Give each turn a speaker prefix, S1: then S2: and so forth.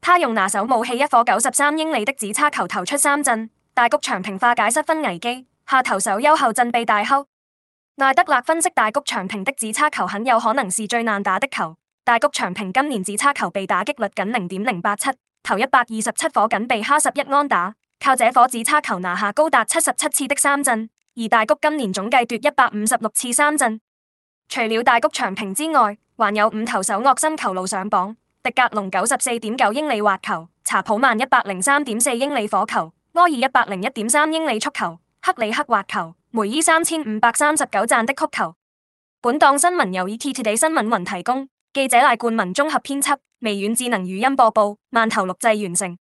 S1: 他用拿手武器一顆九十三英里的指叉球投出三振，大谷翔平化解失分危機，下投手優後陣被大轟。奈德勒分析大谷翔平的指叉球很有可能是最難打的球，大谷翔平今年指叉球被打擊率僅零點零八七，投一百二十七顆僅被哈十一安打，靠這顆指叉球拿下高達七十七次的三振，而大谷今年總計奪一百五十六次三振。除了大谷翔平之外，還有五投手惡心球路上榜。迪格隆九十四點九英里滑球，查普曼一百零三點四英里火球，埃爾一百零一點三英里速球，克里克滑球，梅伊三千五百三十九贊的曲球。本檔新聞由 ETtoday 新聞雲提供，記者賴冠文綜合編輯，微軟智能語音播報，萬頭錄製完成。